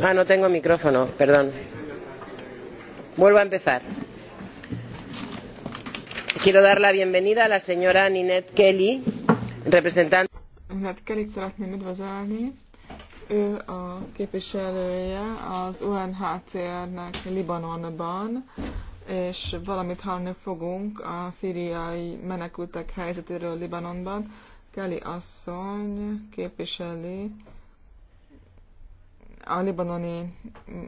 Ah, no tengo micrófono, perdón. Vuelvo a empezar. Quiero dar la bienvenida a la señora Ninette Kelly, representante. Ninette Kelly szeretném üdvözölni. Ő a képviselője az UNHCR-nek Libanonban, és valamit hallni fogunk a szíriai menekültek helyzetéről Libanonban. Kelly asszony képviseli a libanoni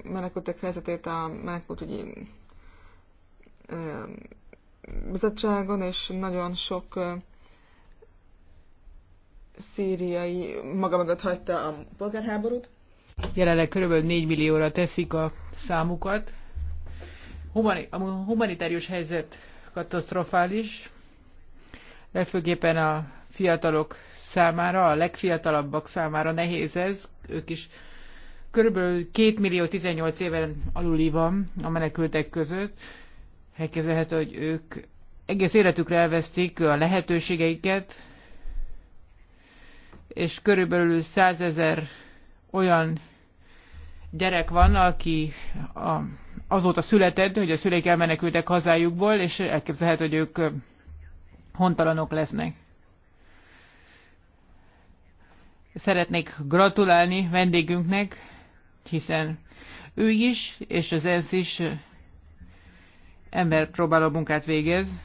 menekültek helyzetét a menekültügyi bizottságon, és nagyon sok szíriai maga mögött hagyta a polgárháborút. Jelenleg körülbelül 4 millióra teszik a számukat. a humanitárius helyzet katasztrofális, legfőképpen a fiatalok számára, a legfiatalabbak számára nehéz ez, ők is Körülbelül 2 millió 18 éven aluli van a menekültek között. Elképzelhető, hogy ők egész életükre elvesztik a lehetőségeiket, és körülbelül 100 ezer olyan gyerek van, aki a, azóta született, hogy a szüleik elmenekültek hazájukból, és elképzelhető, hogy ők hontalanok lesznek. Szeretnék gratulálni vendégünknek, hiszen ő is, és az ENSZ is ember próbáló munkát végez.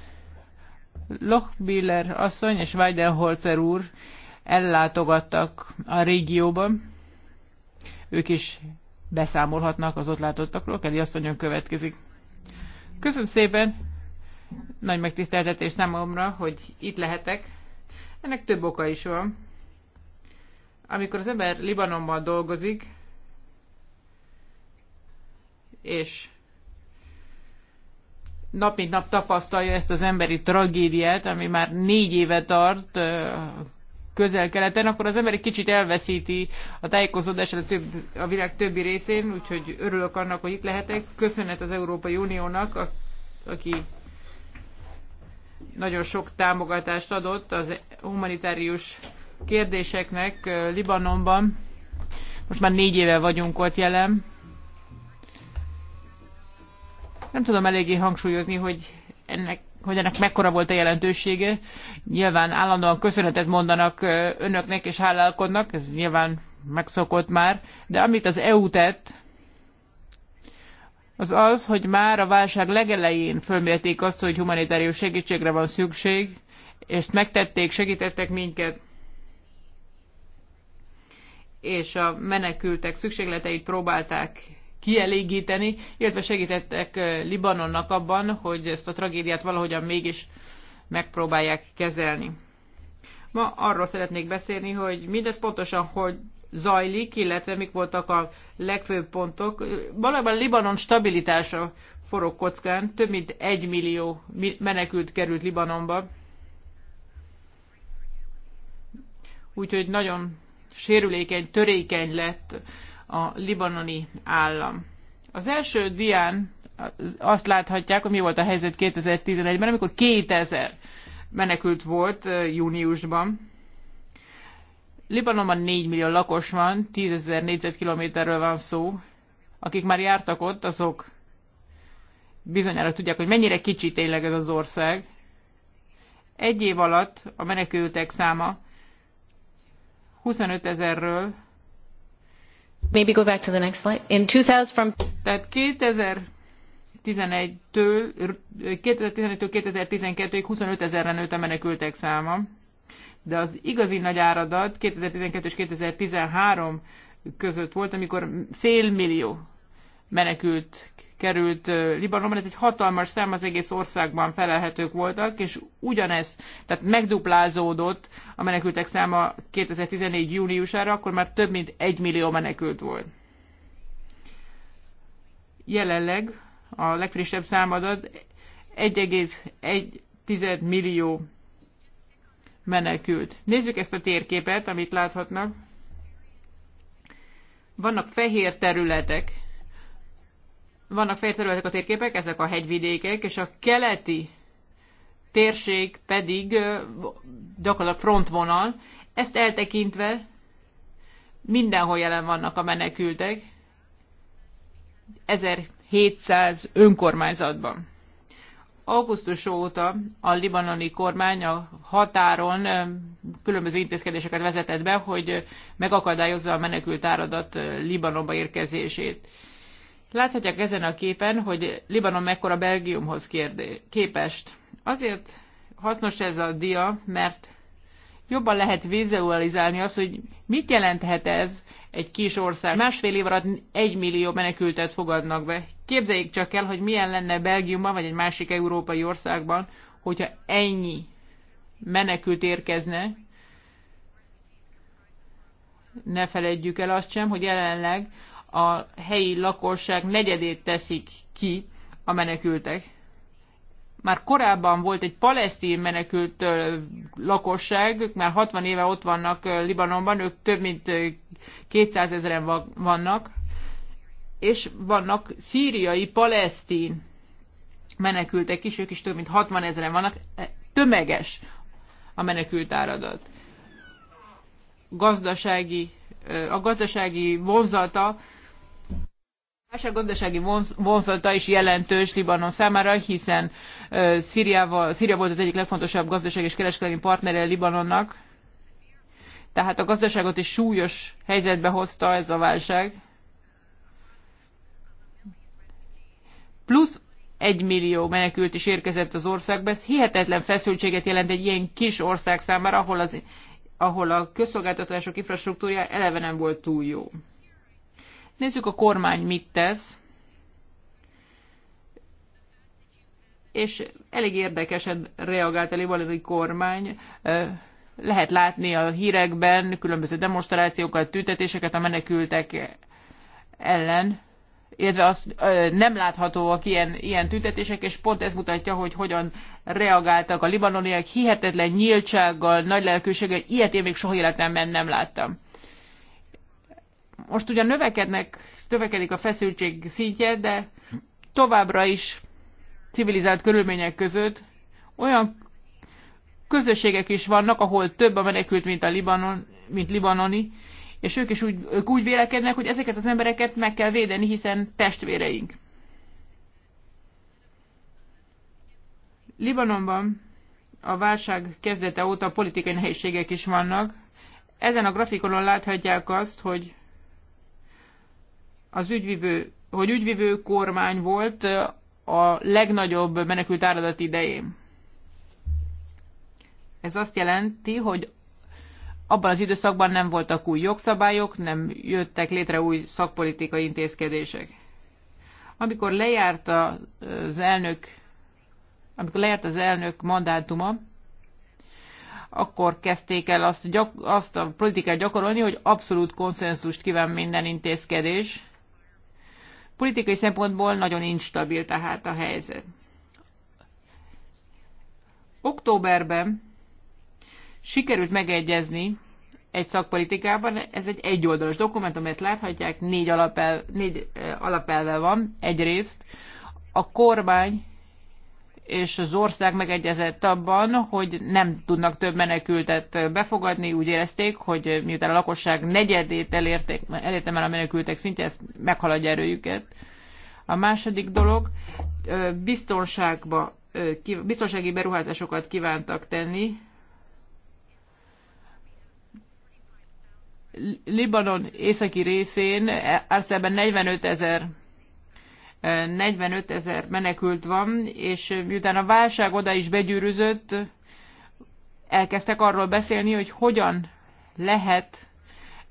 Lochbiller asszony és Weidenholzer úr ellátogattak a régióban. Ők is beszámolhatnak az ott látottakról. Kedi asszonyon következik. Köszönöm szépen! Nagy megtiszteltetés számomra, hogy itt lehetek. Ennek több oka is van. Amikor az ember Libanonban dolgozik, és nap mint nap tapasztalja ezt az emberi tragédiát, ami már négy éve tart közel-keleten, akkor az ember egy kicsit elveszíti a tájékozódását a, több, a világ többi részén, úgyhogy örülök annak, hogy itt lehetek. Köszönet az Európai Uniónak, a, aki nagyon sok támogatást adott az humanitárius kérdéseknek Libanonban. Most már négy éve vagyunk ott jelen. Nem tudom eléggé hangsúlyozni, hogy ennek hogy ennek mekkora volt a jelentősége. Nyilván állandóan köszönetet mondanak önöknek és hálálkodnak, ez nyilván megszokott már, de amit az EU tett, az az, hogy már a válság legelején fölmérték azt, hogy humanitárius segítségre van szükség, és megtették, segítettek minket, és a menekültek szükségleteit próbálták kielégíteni, illetve segítettek Libanonnak abban, hogy ezt a tragédiát valahogyan mégis megpróbálják kezelni. Ma arról szeretnék beszélni, hogy mindez pontosan hogy zajlik, illetve mik voltak a legfőbb pontok. Valójában Libanon stabilitása forog kockán, több mint egy millió menekült került Libanonba. Úgyhogy nagyon sérülékeny, törékeny lett a libanoni állam. Az első dián azt láthatják, hogy mi volt a helyzet 2011-ben, amikor 2000 menekült volt júniusban. Libanonban 4 millió lakos van, 10 ezer négyzetkilométerről van szó. Akik már jártak ott, azok bizonyára tudják, hogy mennyire kicsi tényleg ez az ország. Egy év alatt a menekültek száma 25 ezerről Maybe go back to the next slide. In 2000 from... Tehát 2011-től 2011-től 2012-ig 25 ezerre nőtt a menekültek száma, de az igazi nagy áradat 2012 és 2013 között volt, amikor fél millió menekült került Libanonban, ez egy hatalmas szám, az egész országban felelhetők voltak, és ugyanez, tehát megduplázódott a menekültek száma 2014. júniusára, akkor már több mint egy millió menekült volt. Jelenleg a legfrissebb számadat 1,1 millió menekült. Nézzük ezt a térképet, amit láthatnak. Vannak fehér területek, vannak fehér területek a térképek, ezek a hegyvidékek, és a keleti térség pedig gyakorlatilag frontvonal. Ezt eltekintve mindenhol jelen vannak a menekültek, 1700 önkormányzatban. Augusztus óta a libanoni kormány a határon különböző intézkedéseket vezetett be, hogy megakadályozza a menekült áradat Libanonba érkezését. Láthatják ezen a képen, hogy Libanon mekkora Belgiumhoz kérdé, képest. Azért hasznos ez a dia, mert jobban lehet vizualizálni azt, hogy mit jelenthet ez egy kis ország. Másfél év alatt egy millió menekültet fogadnak be. Képzeljék csak el, hogy milyen lenne Belgiumban, vagy egy másik európai országban, hogyha ennyi menekült érkezne. Ne felejtjük el azt sem, hogy jelenleg a helyi lakosság negyedét teszik ki a menekültek. Már korábban volt egy palesztin menekült lakosság, ők már 60 éve ott vannak Libanonban, ők több mint 200 ezeren vannak, és vannak szíriai palesztin menekültek is, ők is több mint 60 ezeren vannak, e, tömeges a menekült áradat. Gazdasági, a gazdasági vonzata a gazdasági vonzata is jelentős Libanon számára, hiszen Szíria volt az egyik legfontosabb gazdaság és kereskedelmi partnere Libanonnak, tehát a gazdaságot is súlyos helyzetbe hozta ez a válság. Plusz egy millió menekült is érkezett az országba. Ez hihetetlen feszültséget jelent egy ilyen kis ország számára, ahol, az, ahol a közszolgáltatások infrastruktúrája eleve nem volt túl jó. Nézzük a kormány mit tesz, és elég érdekesen reagált a libanoni kormány. Lehet látni a hírekben különböző demonstrációkat, tüntetéseket a menekültek ellen, illetve az, nem láthatóak ilyen, ilyen tüntetések, és pont ez mutatja, hogy hogyan reagáltak a libanoniak hihetetlen nyíltsággal, nagy lelkőséggel. ilyet én még soha életemben nem láttam most ugyan növekednek, növekedik a feszültség szintje, de továbbra is civilizált körülmények között olyan közösségek is vannak, ahol több a menekült, mint a Libanon, mint libanoni, és ők is úgy, ők úgy vélekednek, hogy ezeket az embereket meg kell védeni, hiszen testvéreink. Libanonban a válság kezdete óta politikai nehézségek is vannak. Ezen a grafikonon láthatják azt, hogy az ügyvivő, hogy ügyvivő kormány volt a legnagyobb menekült áradat idején. Ez azt jelenti, hogy abban az időszakban nem voltak új jogszabályok, nem jöttek létre új szakpolitikai intézkedések. Amikor lejárt az elnök, amikor lejárt az elnök mandátuma, akkor kezdték el azt, gyak, azt a politikát gyakorolni, hogy abszolút konszenzust kíván minden intézkedés. Politikai szempontból nagyon instabil tehát a helyzet. Októberben sikerült megegyezni egy szakpolitikában, ez egy egyoldalas dokumentum, ezt láthatják, négy, alapel, négy alapelve van. Egyrészt a kormány és az ország megegyezett abban, hogy nem tudnak több menekültet befogadni. Úgy érezték, hogy miután a lakosság negyedét elérték, elérte már a menekültek szintje, ezt meghaladja erőjüket. A második dolog, biztonságba, biztonsági beruházásokat kívántak tenni. Libanon északi részén e, Arcelben 45 ezer 45 ezer menekült van, és miután a válság oda is begyűrűzött, elkezdtek arról beszélni, hogy hogyan lehet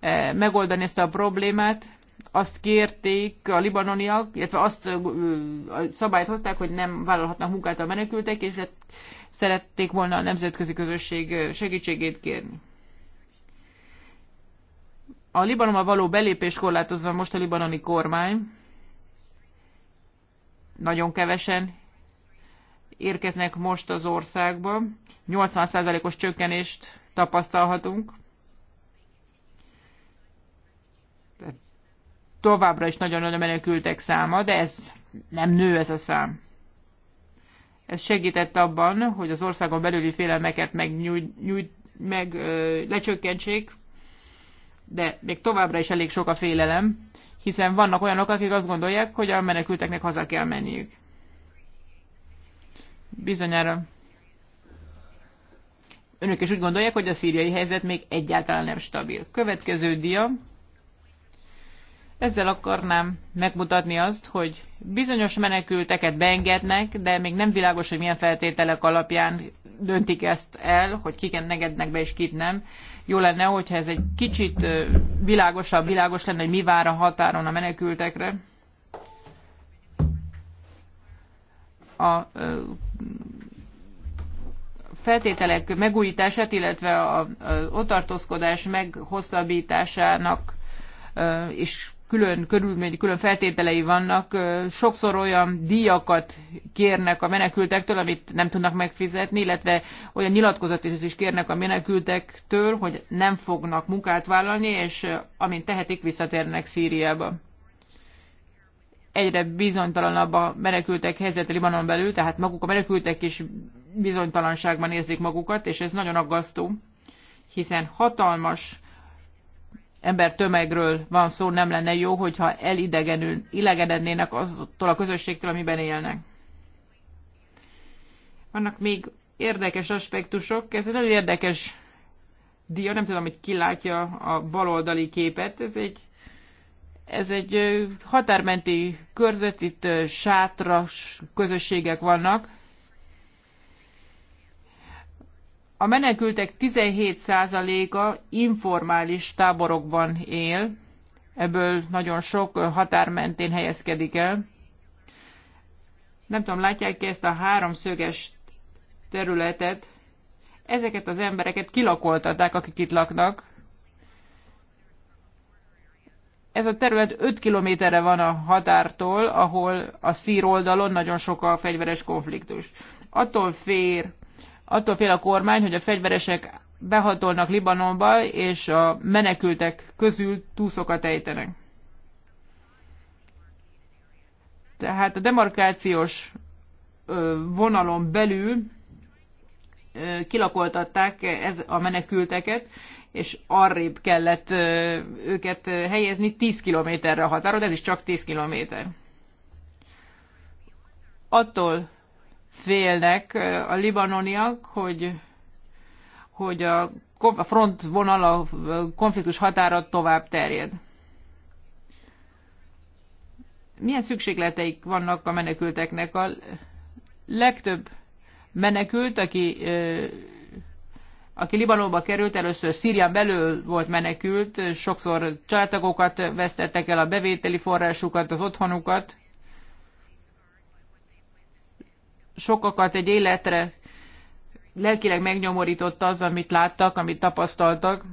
e, megoldani ezt a problémát. Azt kérték a libanoniak, illetve azt a szabályt hozták, hogy nem vállalhatnak munkát a menekültek, és szerették volna a nemzetközi közösség segítségét kérni. A Libanonba való belépést korlátozva most a libanoni kormány, nagyon kevesen érkeznek most az országba. 80%-os csökkenést tapasztalhatunk. továbbra is nagyon nagy a menekültek száma, de ez nem nő ez a szám. Ez segített abban, hogy az országon belüli félelmeket megnyújt, nyújt, meg ö, lecsökkentsék, de még továbbra is elég sok a félelem, hiszen vannak olyanok, akik azt gondolják, hogy a menekülteknek haza kell menniük. Bizonyára önök is úgy gondolják, hogy a szíriai helyzet még egyáltalán nem stabil. Következő dia. Ezzel akarnám megmutatni azt, hogy bizonyos menekülteket beengednek, de még nem világos, hogy milyen feltételek alapján döntik ezt el, hogy kiket engednek be és kit nem. Jó lenne, hogyha ez egy kicsit világosabb, világos lenne, hogy mi vár a határon a menekültekre. A feltételek megújítását, illetve a, a otartózkodás meghosszabbításának is külön körülmény, külön feltételei vannak. Sokszor olyan díjakat kérnek a menekültektől, amit nem tudnak megfizetni, illetve olyan nyilatkozatot is kérnek a menekültektől, hogy nem fognak munkát vállalni, és amint tehetik, visszatérnek Szíriába. Egyre bizonytalanabb a menekültek helyzete Libanon belül, tehát maguk a menekültek is bizonytalanságban érzik magukat, és ez nagyon aggasztó, hiszen hatalmas ember tömegről van szó, nem lenne jó, hogyha elidegenednének azoktól a közösségtől, amiben élnek. Vannak még érdekes aspektusok, ez egy nagyon érdekes dia, nem tudom, hogy ki látja a baloldali képet, ez egy, ez egy határmenti körzet, itt sátras közösségek vannak, A menekültek 17%-a informális táborokban él, ebből nagyon sok határ mentén helyezkedik el. Nem tudom, látják -e ezt a háromszöges területet? Ezeket az embereket kilakoltatták, akik itt laknak. Ez a terület 5 kilométerre van a határtól, ahol a szír oldalon nagyon sok a fegyveres konfliktus. Attól fér Attól fél a kormány, hogy a fegyveresek behatolnak Libanonba, és a menekültek közül túszokat ejtenek. Tehát a demarkációs vonalon belül kilakoltatták ez a menekülteket, és arrébb kellett őket helyezni 10 kilométerre a határod, ez is csak 10 kilométer. Attól félnek a libanoniak, hogy, hogy a vonal a konfliktus határa tovább terjed. Milyen szükségleteik vannak a menekülteknek? A legtöbb menekült, aki, aki Libanonba került, először Szírián belül volt menekült, sokszor családtagokat vesztettek el, a bevételi forrásukat, az otthonukat, sokakat egy életre lelkileg megnyomorított az, amit láttak, amit tapasztaltak.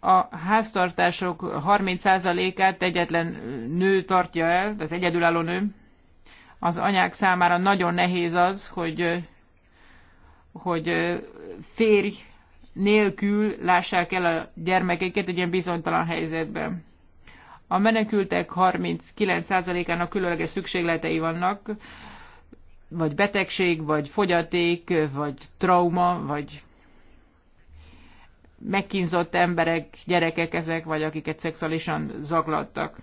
A háztartások 30%-át egyetlen nő tartja el, tehát egyedülálló nő. Az anyák számára nagyon nehéz az, hogy, hogy férj nélkül lássák el a gyermekeket egy ilyen bizonytalan helyzetben. A menekültek 39%-ának különleges szükségletei vannak, vagy betegség, vagy fogyaték, vagy trauma, vagy megkínzott emberek, gyerekek ezek, vagy akiket szexuálisan zaglattak.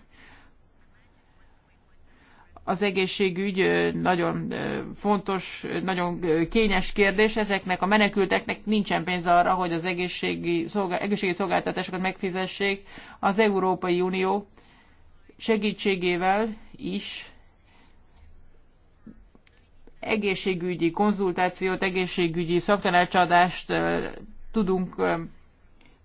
Az egészségügy nagyon fontos, nagyon kényes kérdés. Ezeknek a menekülteknek nincsen pénz arra, hogy az egészségi, szolgál, egészségi szolgáltatásokat megfizessék. Az Európai Unió segítségével is egészségügyi konzultációt, egészségügyi szaktanácsadást tudunk,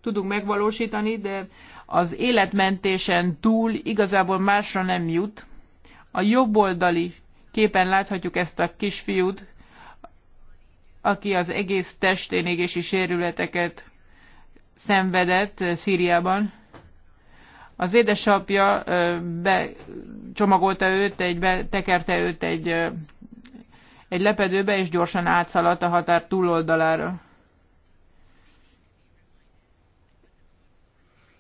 tudunk megvalósítani, de az életmentésen túl igazából másra nem jut. A jobboldali képen láthatjuk ezt a kisfiút, aki az egész testén égési sérületeket szenvedett Szíriában. Az édesapja becsomagolta őt, egy, betekerte őt egy, egy lepedőbe, és gyorsan átszaladt a határ túloldalára.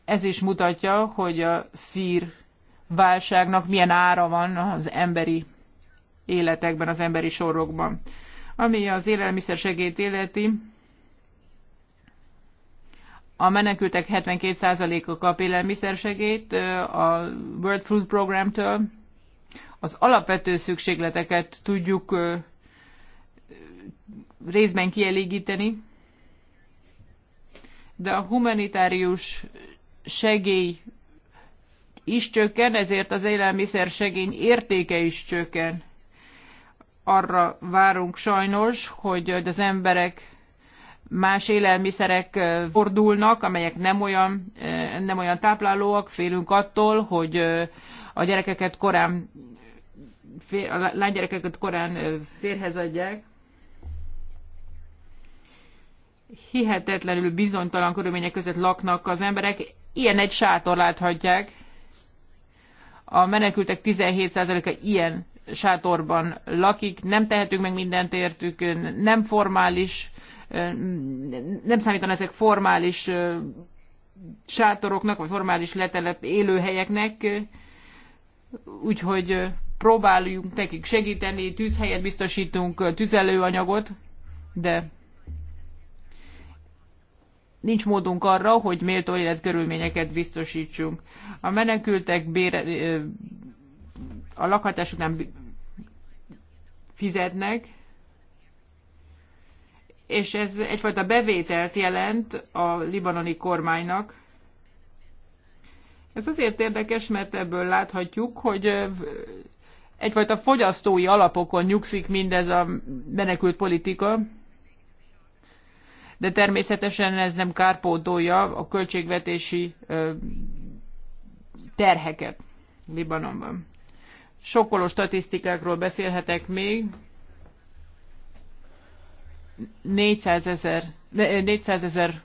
Ez is mutatja, hogy a szír válságnak milyen ára van az emberi életekben, az emberi sorokban. Ami az élelmiszer segélyt illeti, a menekültek 72%-a kap élelmiszersegélyt a World Food Programtől. Az alapvető szükségleteket tudjuk részben kielégíteni, de a humanitárius segély is csökken, ezért az élelmiszer segény értéke is csökken. Arra várunk sajnos, hogy az emberek más élelmiszerek fordulnak, amelyek nem olyan, nem olyan táplálóak, félünk attól, hogy a gyerekeket korán, a lánygyerekeket korán férhez adják. Hihetetlenül bizonytalan körülmények között laknak az emberek, ilyen egy sátor láthatják. A menekültek 17%-a ilyen sátorban lakik, nem tehetünk meg mindent értük, nem formális nem számítanak ezek formális sátoroknak, vagy formális letelep élőhelyeknek, úgyhogy próbáljunk nekik segíteni, tűzhelyet biztosítunk, tüzelőanyagot, de nincs módunk arra, hogy méltó életkörülményeket biztosítsunk. A menekültek bére, a nem fizetnek, és ez egyfajta bevételt jelent a libanoni kormánynak. Ez azért érdekes, mert ebből láthatjuk, hogy egyfajta fogyasztói alapokon nyugszik mindez a menekült politika, de természetesen ez nem kárpótolja a költségvetési terheket Libanonban. Sokkoló statisztikákról beszélhetek még, 400 ezer 400 ezer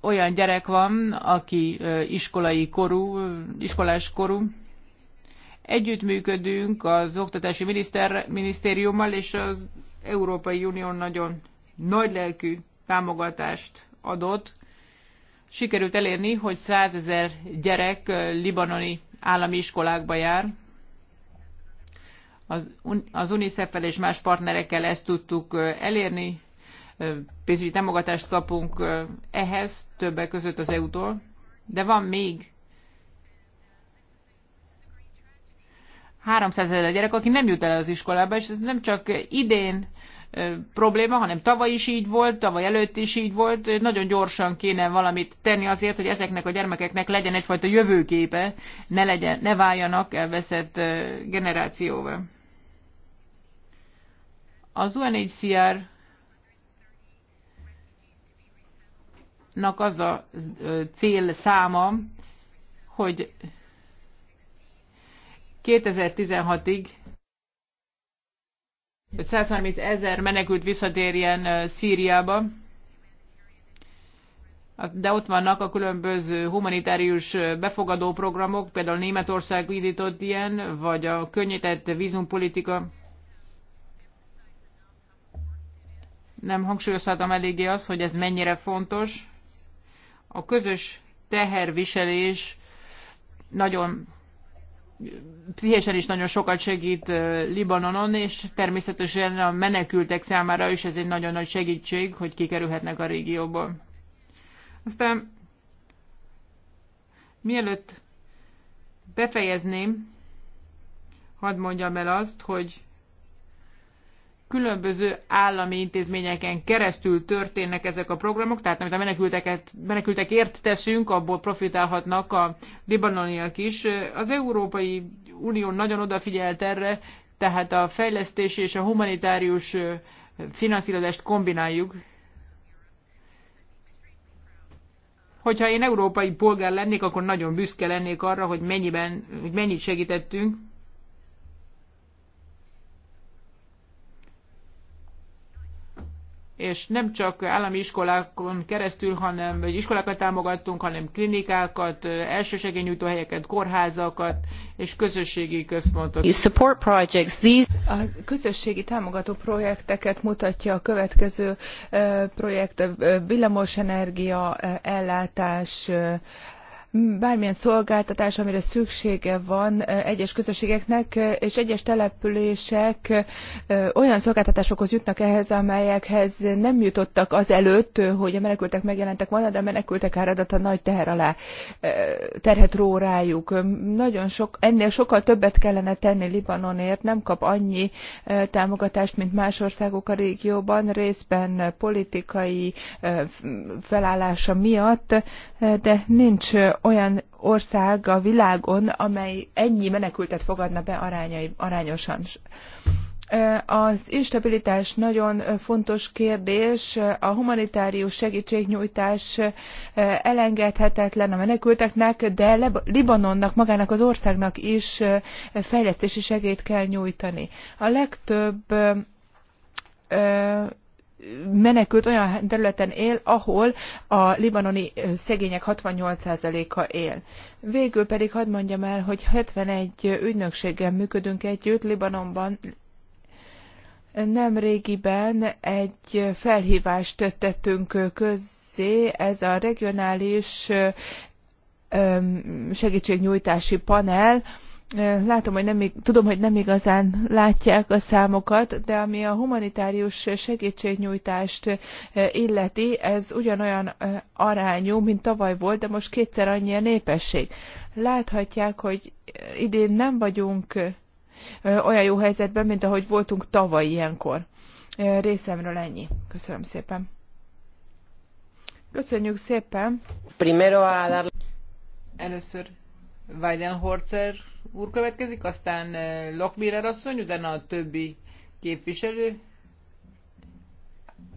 olyan gyerek van, aki iskolai korú, iskolás korú. Együttműködünk az Oktatási miniszter, Minisztériummal, és az Európai Unió nagyon nagy lelkű támogatást adott. Sikerült elérni, hogy 100 ezer gyerek libanoni állami iskolákba jár, az UNICEF-fel és más partnerekkel ezt tudtuk elérni, pénzügyi támogatást kapunk ehhez, többek között az EU-tól, de van még 300 ezer gyerek, aki nem jut el az iskolába, és ez nem csak idén probléma, hanem tavaly is így volt, tavaly előtt is így volt. Nagyon gyorsan kéne valamit tenni azért, hogy ezeknek a gyermekeknek legyen egyfajta jövőképe, ne, legyen, ne váljanak elveszett generációval. Az UNHCR nak az a cél száma, hogy 2016-ig 130 ezer menekült visszatérjen Szíriába, de ott vannak a különböző humanitárius befogadó programok, például Németország indított ilyen, vagy a könnyített vízumpolitika. nem hangsúlyozhatom eléggé az, hogy ez mennyire fontos. A közös teherviselés nagyon pszichésen is nagyon sokat segít Libanonon, és természetesen a menekültek számára is ez egy nagyon nagy segítség, hogy kikerülhetnek a régióból. Aztán mielőtt befejezném, hadd mondjam el azt, hogy különböző állami intézményeken keresztül történnek ezek a programok, tehát amit a menekülteket, menekültekért teszünk, abból profitálhatnak a libanoniak is. Az Európai Unió nagyon odafigyelt erre, tehát a fejlesztési és a humanitárius finanszírozást kombináljuk. Hogyha én európai polgár lennék, akkor nagyon büszke lennék arra, hogy, mennyiben, hogy mennyit segítettünk és nem csak állami iskolákon keresztül, hanem vagy iskolákat támogattunk, hanem klinikákat, elsősegélynyújtó helyeket, kórházakat és közösségi központokat. A közösségi támogató projekteket mutatja a következő eh, projekt, eh, villamosenergia, eh, ellátás, bármilyen szolgáltatás, amire szüksége van egyes közösségeknek, és egyes települések olyan szolgáltatásokhoz jutnak ehhez, amelyekhez nem jutottak azelőtt, hogy a menekültek megjelentek volna, de a menekültek áradata nagy teher alá terhet ró rájuk. Nagyon sok, ennél sokkal többet kellene tenni Libanonért, nem kap annyi támogatást, mint más országok a régióban, részben politikai felállása miatt, de nincs olyan ország a világon, amely ennyi menekültet fogadna be arányai, arányosan. Az instabilitás nagyon fontos kérdés, a humanitárius segítségnyújtás elengedhetetlen a menekülteknek, de Libanonnak, magának az országnak is fejlesztési segélyt kell nyújtani. A legtöbb menekült olyan területen él, ahol a libanoni szegények 68%-a él. Végül pedig hadd mondjam el, hogy 71 ügynökséggel működünk együtt Libanonban, nem régiben egy felhívást tettünk közzé, ez a regionális segítségnyújtási panel, Látom, hogy nem, tudom, hogy nem igazán látják a számokat, de ami a humanitárius segítségnyújtást illeti, ez ugyanolyan arányú, mint tavaly volt, de most kétszer annyi a népesség. Láthatják, hogy idén nem vagyunk olyan jó helyzetben, mint ahogy voltunk tavaly ilyenkor. Részemről ennyi. Köszönöm szépen. Köszönjük szépen. Először Weidenhorzer úr következik, aztán Lokmirer asszony, utána a többi képviselő.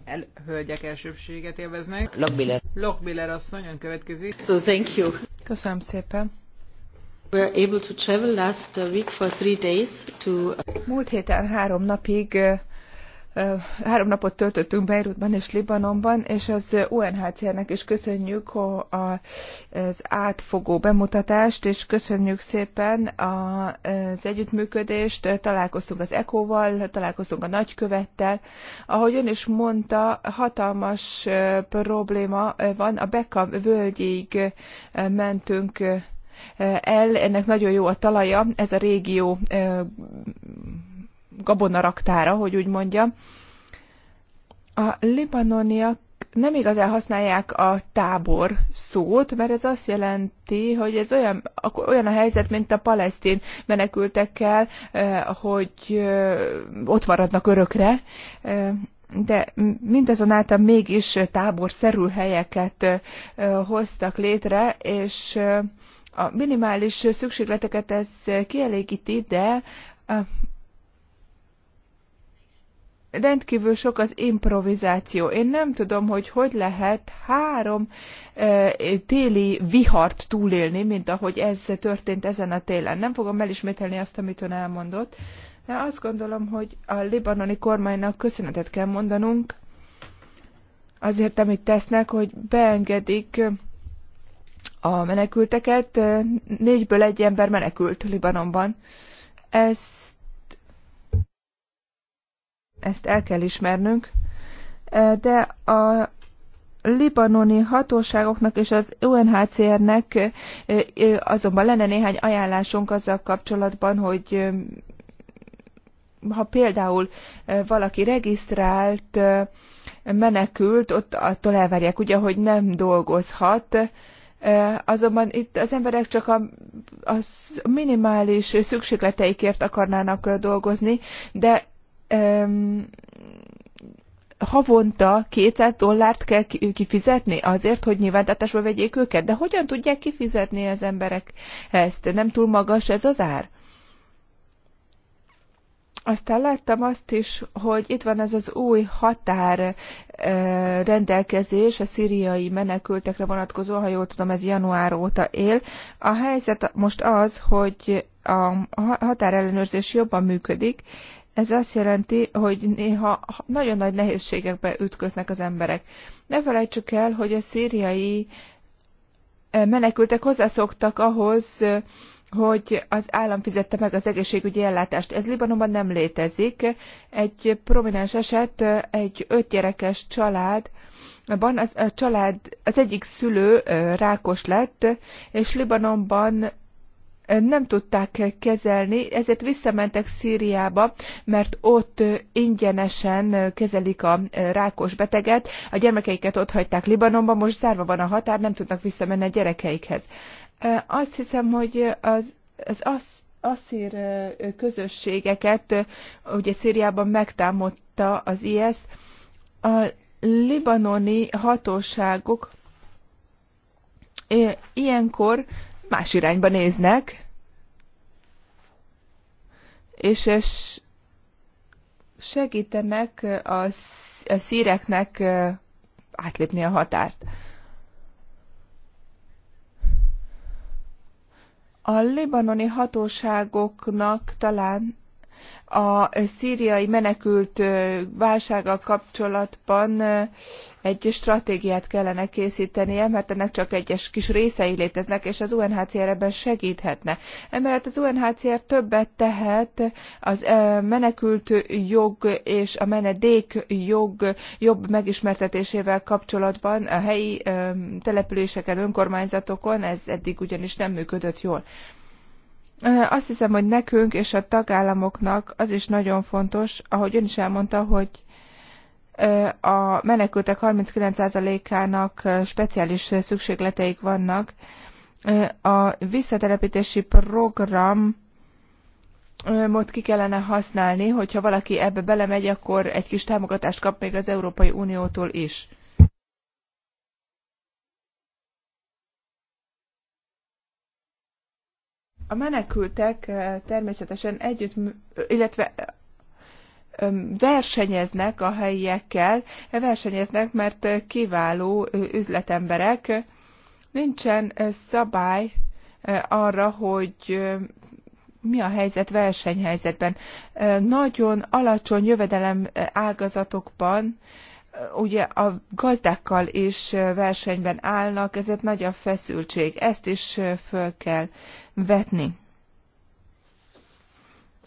El, hölgyek elsőbséget élveznek. Lokmiller. Lokmiller asszony, ön következik. So thank you. Köszönöm szépen. We were able to travel last uh, week for three days to... Múlt héten három napig Három napot töltöttünk Beirutban és Libanonban, és az UNHCR-nek is köszönjük az átfogó bemutatást, és köszönjük szépen az együttműködést. Találkoztunk az ECO-val, találkoztunk a nagykövettel. Ahogy ön is mondta, hatalmas probléma van. A Beka völgyig mentünk el, ennek nagyon jó a talaja, ez a régió raktára, hogy úgy mondja, A libanoniak nem igazán használják a tábor szót, mert ez azt jelenti, hogy ez olyan, olyan a helyzet, mint a palesztin menekültekkel, hogy ott maradnak örökre, de mindazonáltal mégis táborszerű helyeket hoztak létre, és a minimális szükségleteket ez kielégíti, de rendkívül sok az improvizáció. Én nem tudom, hogy hogy lehet három e, téli vihart túlélni, mint ahogy ez történt ezen a télen. Nem fogom elismételni azt, amit ön elmondott, de azt gondolom, hogy a libanoni kormánynak köszönetet kell mondanunk azért, amit tesznek, hogy beengedik a menekülteket. Négyből egy ember menekült Libanonban. Ez ezt el kell ismernünk, de a libanoni hatóságoknak és az UNHCR-nek azonban lenne néhány ajánlásunk azzal kapcsolatban, hogy ha például valaki regisztrált menekült, ott attól elvárják ugye, hogy nem dolgozhat, azonban itt az emberek csak a, a minimális szükségleteikért akarnának dolgozni, de havonta 200 dollárt kell kifizetni azért, hogy nyilvántartásba vegyék őket. De hogyan tudják kifizetni az emberek ezt? Nem túl magas ez az ár? Aztán láttam azt is, hogy itt van ez az új határ rendelkezés a szíriai menekültekre vonatkozó, ha jól tudom, ez január óta él. A helyzet most az, hogy a határellenőrzés jobban működik, ez azt jelenti, hogy néha nagyon nagy nehézségekbe ütköznek az emberek. Ne felejtsük el, hogy a szíriai eh, menekültek hozzászoktak ahhoz, hogy az állam fizette meg az egészségügyi ellátást. Ez Libanonban nem létezik. Egy prominens eset, eh, egy ötgyerekes család, az, a eh, család, az egyik szülő rákos lett, és Libanonban nem tudták kezelni, ezért visszamentek Szíriába, mert ott ingyenesen kezelik a rákos beteget, a gyermekeiket ott hagyták Libanonban, most zárva van a határ, nem tudnak visszamenni a gyerekeikhez. Azt hiszem, hogy az, az, az Aszír közösségeket ugye Szíriában megtámadta az IS, a libanoni hatóságok ilyenkor más irányba néznek, és, segítenek a, a szíreknek átlépni a határt. A libanoni hatóságoknak talán a szíriai menekült válsággal kapcsolatban egy stratégiát kellene készítenie, mert ennek csak egyes kis részei léteznek, és az UNHCR ebben segíthetne. Emellett az UNHCR többet tehet az menekült jog és a menedék jog jobb megismertetésével kapcsolatban a helyi településeken, önkormányzatokon, ez eddig ugyanis nem működött jól. Azt hiszem, hogy nekünk és a tagállamoknak az is nagyon fontos, ahogy ön is elmondta, hogy a menekültek 39%-ának speciális szükségleteik vannak. A visszatelepítési program mód ki kellene használni, hogyha valaki ebbe belemegy, akkor egy kis támogatást kap még az Európai Uniótól is. A menekültek eh, természetesen együtt, illetve eh, versenyeznek a helyiekkel, versenyeznek, mert eh, kiváló üzletemberek. Nincsen szabály arra, hogy mi a helyzet versenyhelyzetben. Nagyon alacsony jövedelem ágazatokban ugye a gazdákkal is versenyben állnak, ezért nagy a feszültség. Ezt is föl kell vetni.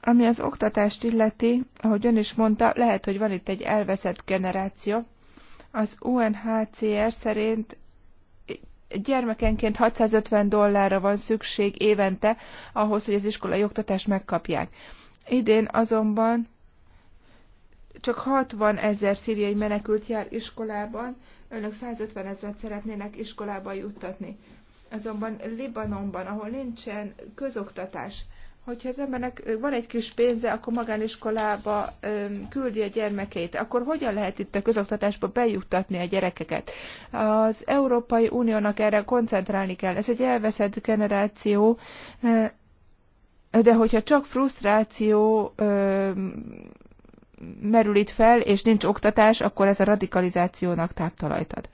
Ami az oktatást illeti, ahogy ön is mondta, lehet, hogy van itt egy elveszett generáció. Az UNHCR szerint gyermekenként 650 dollárra van szükség évente ahhoz, hogy az iskolai oktatást megkapják. Idén azonban csak 60 ezer szíriai menekült jár iskolában, önök 150 ezeret szeretnének iskolába juttatni. Azonban Libanonban, ahol nincsen közoktatás, hogyha az embernek van egy kis pénze, akkor magániskolába küldi a gyermekeit, akkor hogyan lehet itt a közoktatásba bejuttatni a gyerekeket? Az Európai Uniónak erre koncentrálni kell. Ez egy elveszett generáció, de hogyha csak frusztráció merül itt fel, és nincs oktatás, akkor ez a radikalizációnak táptalajt ad.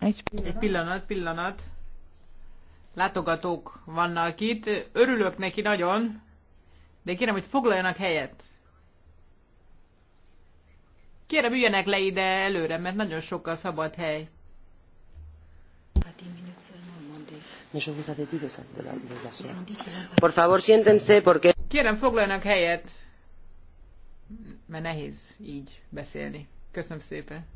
Egy pillanat. Egy pillanat, pillanat. Látogatók vannak itt. Örülök neki nagyon, de kérem, hogy foglaljanak helyet. Kérem, üljenek le ide előre, mert nagyon sok a szabad hely. Por favor, siéntense, porque... Kérem, foglaljanak helyet, mert nehéz így beszélni. Köszönöm szépen.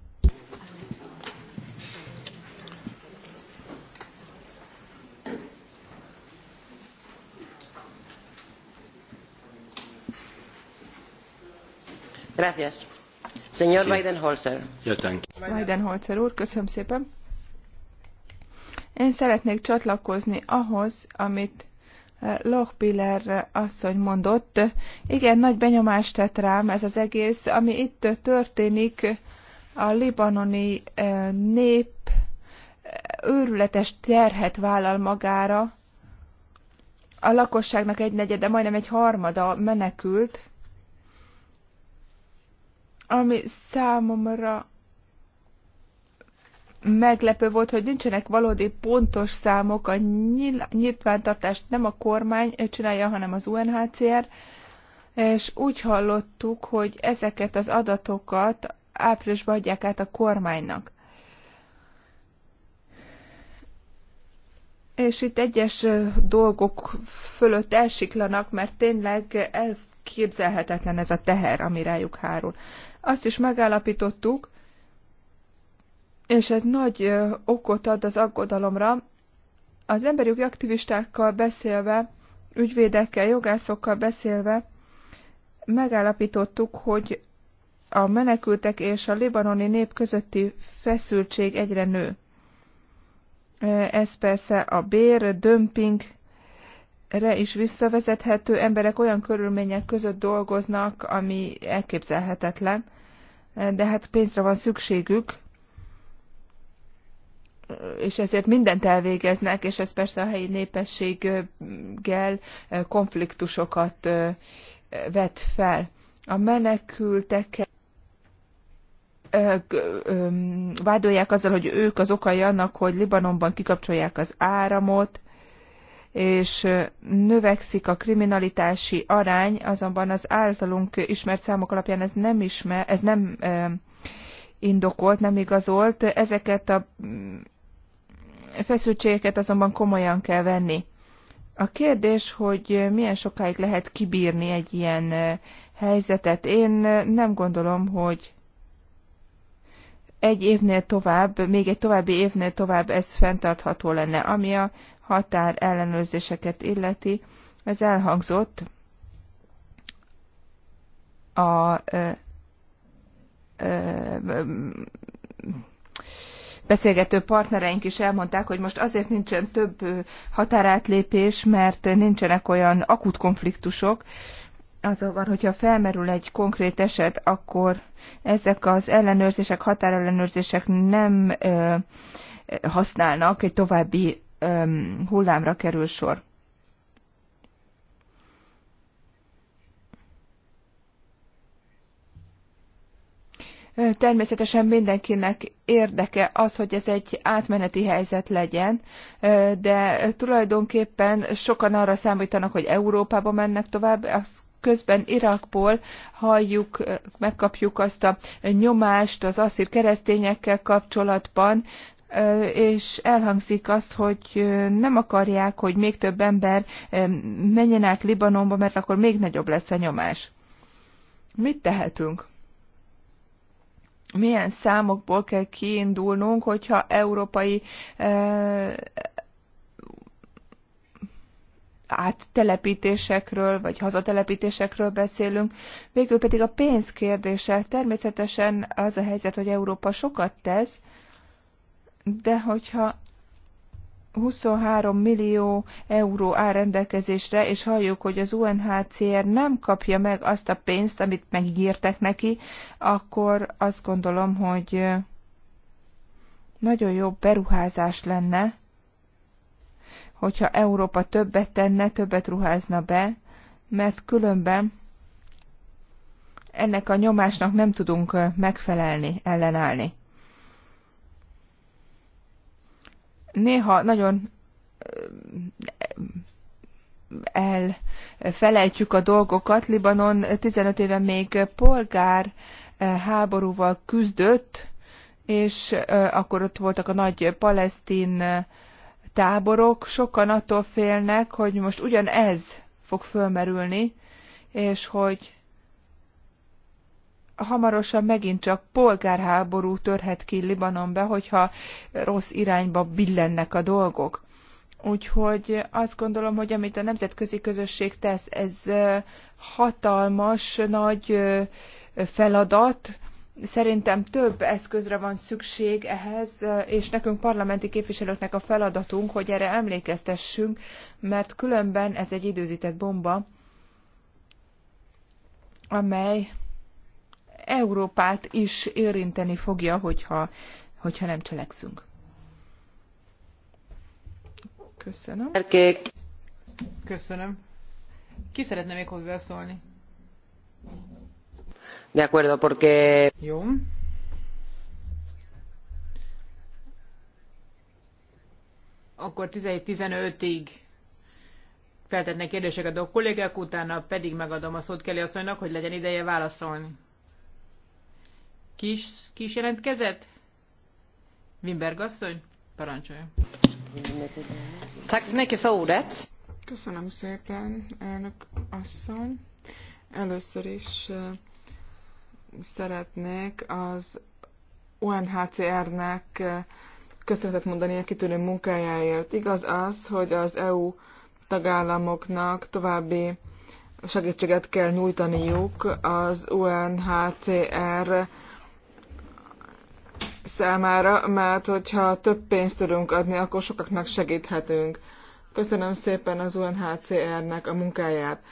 Gracias. Señor Weidenholzer. Weidenholzer úr, köszönöm szépen. Én szeretnék csatlakozni ahhoz, amit Lochbiller asszony mondott, igen, nagy benyomást tett rám ez az egész, ami itt történik, a libanoni nép őrületes terhet vállal magára, a lakosságnak egy negyede, majdnem egy harmada menekült, ami számomra meglepő volt, hogy nincsenek valódi pontos számok, a nyitvántartást nem a kormány csinálja, hanem az UNHCR, és úgy hallottuk, hogy ezeket az adatokat áprilisban adják át a kormánynak. És itt egyes dolgok fölött elsiklanak, mert tényleg elképzelhetetlen ez a teher, ami rájuk hárul. Azt is megállapítottuk, és ez nagy okot ad az aggodalomra. Az emberi aktivistákkal beszélve, ügyvédekkel, jogászokkal beszélve megállapítottuk, hogy a menekültek és a libanoni nép közötti feszültség egyre nő. Ez persze a bér, dömping, re is visszavezethető, emberek olyan körülmények között dolgoznak, ami elképzelhetetlen, de hát pénzre van szükségük, és ezért mindent elvégeznek, és ez persze a helyi népességgel konfliktusokat vet fel. A menekültek vádolják azzal, hogy ők az okai annak, hogy Libanonban kikapcsolják az áramot, és növekszik a kriminalitási arány, azonban az általunk ismert számok alapján ez nem, ismer, ez nem indokolt, nem igazolt. Ezeket a feszültségeket azonban komolyan kell venni. A kérdés, hogy milyen sokáig lehet kibírni egy ilyen helyzetet, én nem gondolom, hogy egy évnél tovább, még egy további évnél tovább ez fenntartható lenne. Ami a határ ellenőrzéseket illeti, ez elhangzott a ö, ö, beszélgető partnereink is elmondták, hogy most azért nincsen több határátlépés, mert nincsenek olyan akut konfliktusok, azonban, hogyha felmerül egy konkrét eset, akkor ezek az ellenőrzések, határellenőrzések nem ö, használnak, egy további ö, hullámra kerül sor. Természetesen mindenkinek érdeke az, hogy ez egy átmeneti helyzet legyen, de tulajdonképpen sokan arra számítanak, hogy Európába mennek tovább, az közben Irakból halljuk, megkapjuk azt a nyomást az asszír keresztényekkel kapcsolatban, és elhangzik azt, hogy nem akarják, hogy még több ember menjen át Libanonba, mert akkor még nagyobb lesz a nyomás. Mit tehetünk? milyen számokból kell kiindulnunk, hogyha európai e, áttelepítésekről, vagy hazatelepítésekről beszélünk. Végül pedig a pénz kérdése. Természetesen az a helyzet, hogy Európa sokat tesz, de hogyha 23 millió euró áll rendelkezésre, és halljuk, hogy az UNHCR nem kapja meg azt a pénzt, amit megígértek neki, akkor azt gondolom, hogy nagyon jó beruházás lenne, hogyha Európa többet tenne, többet ruházna be, mert különben ennek a nyomásnak nem tudunk megfelelni, ellenállni. néha nagyon elfelejtjük a dolgokat. Libanon 15 éve még polgár háborúval küzdött, és akkor ott voltak a nagy palesztin táborok. Sokan attól félnek, hogy most ugyanez fog fölmerülni, és hogy hamarosan megint csak polgárháború törhet ki Libanonbe, hogyha rossz irányba billennek a dolgok. Úgyhogy azt gondolom, hogy amit a nemzetközi közösség tesz, ez hatalmas, nagy feladat. Szerintem több eszközre van szükség ehhez, és nekünk parlamenti képviselőknek a feladatunk, hogy erre emlékeztessünk, mert különben ez egy időzített bomba, amely Európát is érinteni fogja, hogyha, hogyha nem cselekszünk. Köszönöm. Köszönöm. Ki szeretne még hozzászólni? De acuerdo, porque... Jó. Akkor 17-15-ig feltetnek kérdéseket a kollégák, utána pedig megadom a szót Kelly asszonynak, hogy legyen ideje válaszolni. Kis kis jelentkezett? Wimberg asszony, parancsolja. Köszönöm szépen, elnök asszony. Először is szeretnék az UNHCR-nek köszönetet mondani a kitűnő munkájáért. Igaz az, hogy az EU tagállamoknak további segítséget kell nyújtaniuk az UNHCR számára, mert hogyha több pénzt tudunk adni, akkor sokaknak segíthetünk. Köszönöm szépen az UNHCR-nek a munkáját.